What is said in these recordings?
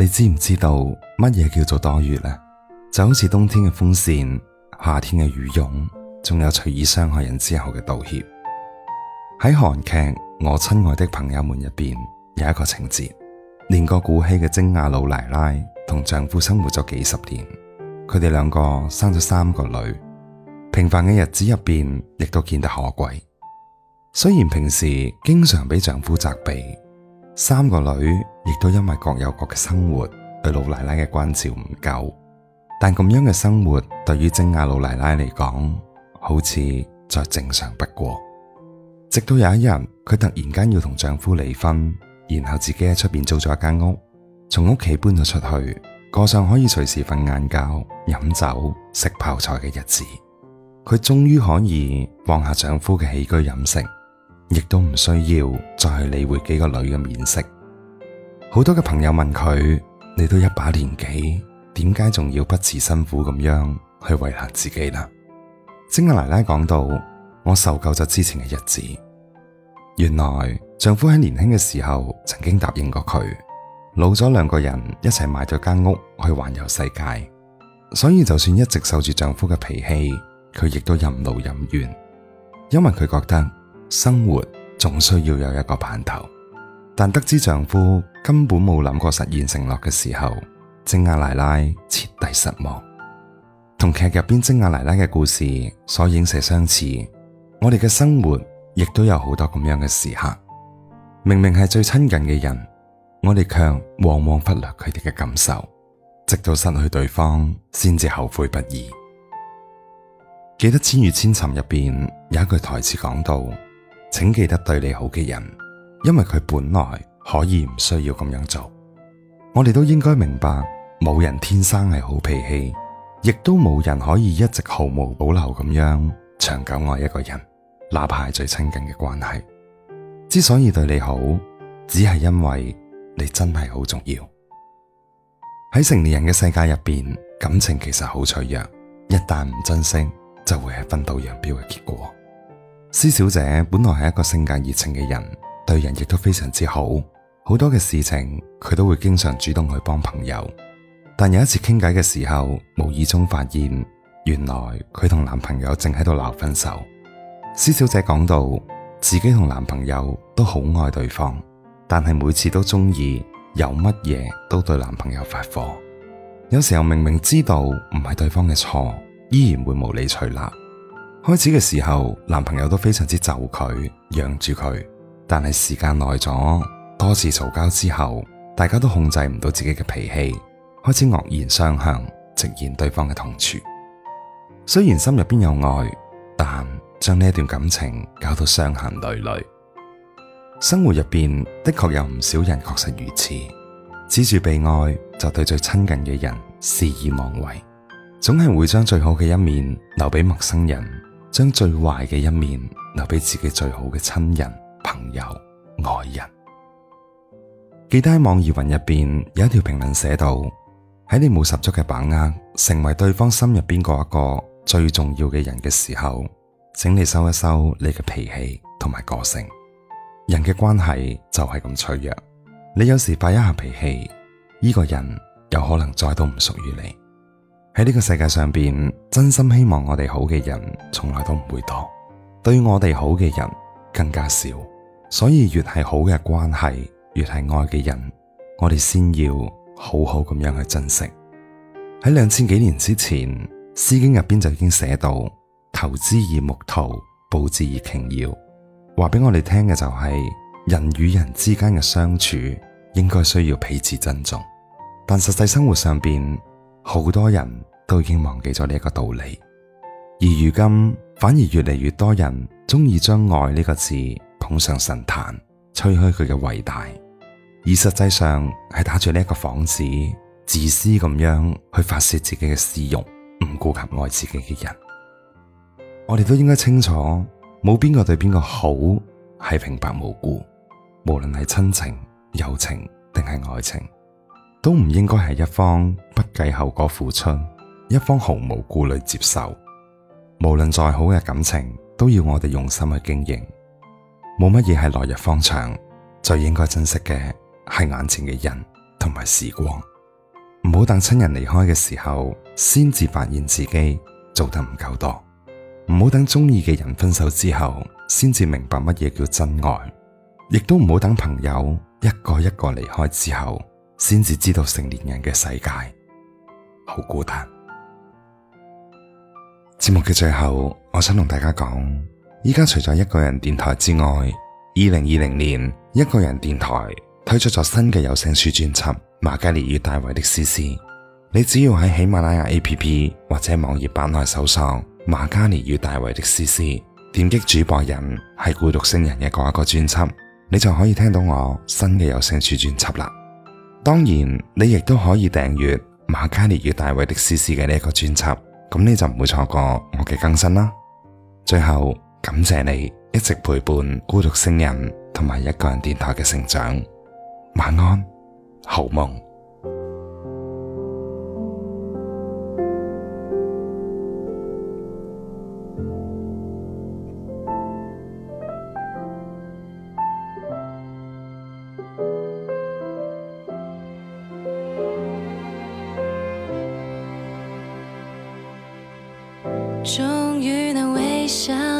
你知唔知道乜嘢叫做多餘呢？就好似冬天嘅風扇，夏天嘅羽絨，仲有隨意傷害人之後嘅道歉。喺韓劇《我親愛的朋友們》入邊有一個情節，年過古稀嘅貞雅老奶奶同丈夫生活咗幾十年，佢哋兩個生咗三個女，平凡嘅日子入邊亦都見得可貴。雖然平時經常俾丈夫責備，三個女，亦都因為各有各嘅生活，對老奶奶嘅關照唔夠，但咁樣嘅生活對於正亞老奶奶嚟講，好似再正常不過。直到有一日，佢突然間要同丈夫離婚，然後自己喺出邊租咗一間屋，從屋企搬咗出去，過上可以隨時瞓晏覺、飲酒、食泡菜嘅日子，佢終於可以放下丈夫嘅起居飲食，亦都唔需要再去理會幾個女嘅面色。好多嘅朋友問佢：你都一把年紀，點解仲要不辭辛苦咁樣去為難自己呢？晶阿奶奶講到：我受夠咗之前嘅日子。原來丈夫喺年輕嘅時候曾經答應過佢，老咗兩個人一齊賣咗間屋去環遊世界。所以就算一直受住丈夫嘅脾氣，佢亦都任勞任怨，因為佢覺得生活仲需要有一個盼頭。但得知丈夫根本冇諗過實現承諾嘅時候，精雅奶奶徹底失望。同劇入邊精雅奶奶嘅故事所影射相似，我哋嘅生活亦都有好多咁樣嘅時刻。明明係最親近嘅人，我哋卻往往忽略佢哋嘅感受，直到失去對方先至後悔不已。記得《千與千尋》入邊有一句台詞講到：請記得對你好嘅人。因為佢本來可以唔需要咁樣做，我哋都應該明白，冇人天生係好脾氣，亦都冇人可以一直毫無保留咁樣長久愛一個人，哪怕係最親近嘅關係。之所以對你好，只係因為你真係好重要。喺成年人嘅世界入邊，感情其實好脆弱，一旦唔珍惜，就會係分道揚鑣嘅結果。施小姐本來係一個性格熱情嘅人。對人亦都非常之好，好多嘅事情佢都會經常主動去幫朋友。但有一次傾偈嘅時候，無意中發現，原來佢同男朋友正喺度鬧分手。施小姐講到，自己同男朋友都好愛對方，但係每次都中意有乜嘢都對男朋友發火。有時候明明知道唔係對方嘅錯，依然會無理取鬧。開始嘅時候，男朋友都非常之就佢，讓住佢。但係時間耐咗，多次嘈交之後，大家都控制唔到自己嘅脾氣，開始惡言相向，直言對方嘅痛處。雖然心入邊有愛，但將呢段感情搞到傷痕累累。生活入邊的確有唔少人確實如此，恃住被愛就對最親近嘅人肆意妄為，總係會將最好嘅一面留俾陌生人，將最壞嘅一面留俾自己最好嘅親人。朋友、愛人，記得喺網易雲入邊有一條評論寫到：喺你冇十足嘅把握成為對方心入邊嗰一個最重要嘅人嘅時候，請你收一收你嘅脾氣同埋個性。人嘅關係就係咁脆弱，你有時發一下脾氣，依、這個人有可能再都唔屬於你。喺呢個世界上邊，真心希望我哋好嘅人從來都唔會多，對我哋好嘅人更加少。所以越係好嘅關係，越係愛嘅人，我哋先要好好咁樣去珍惜。喺兩千幾年之前，詩經入邊就已經寫到：投資以木桃，布置以瓊瑤。話俾我哋聽嘅就係、是、人與人之間嘅相處應該需要彼此珍重。但實際生活上邊好多人都已經忘記咗呢一個道理，而如今反而越嚟越多人中意將愛呢個字捧上神壇，吹噓佢嘅偉大，而實際上係打住呢一個幌子，自私咁樣去發洩自己嘅私欲，唔顧及愛自己嘅人。我哋都應該清楚，冇邊個對邊個好係平白無故，無論係親情、友情定係愛情，都唔應該係一方不計後果付出，一方毫無顧慮接受。無論再好嘅感情，都要我哋用心去經營。冇乜嘢係來日方長，最應該珍惜嘅係眼前嘅人同埋時光。唔好等親人離開嘅時候，先至發現自己做得唔夠多；唔好等中意嘅人分手之後，先至明白乜嘢叫真愛。亦都唔好等朋友一個一個離開之後，先至知道成年人嘅世界好孤單。節目嘅最後，我想同大家講。依家除咗一個人電台之外，二零二零年一個人電台推出咗新嘅有聲書專輯《瑪嘉烈與大衛的絲絲》，你只要喺喜馬拉雅 A P P 或者網頁版內搜索《瑪嘉烈與大衛的絲絲》，點擊主播人係孤獨星人嘅嗰一個專輯，你就可以聽到我新嘅有聲書專輯啦。當然，你亦都可以訂閱《瑪嘉烈與大衛的絲絲》嘅呢一個專輯，咁你就唔會錯過我嘅更新啦。最後。感謝你一直陪伴孤獨星人同埋一個人電台嘅成長，晚安，好夢。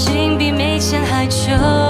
心比沒錢還窮。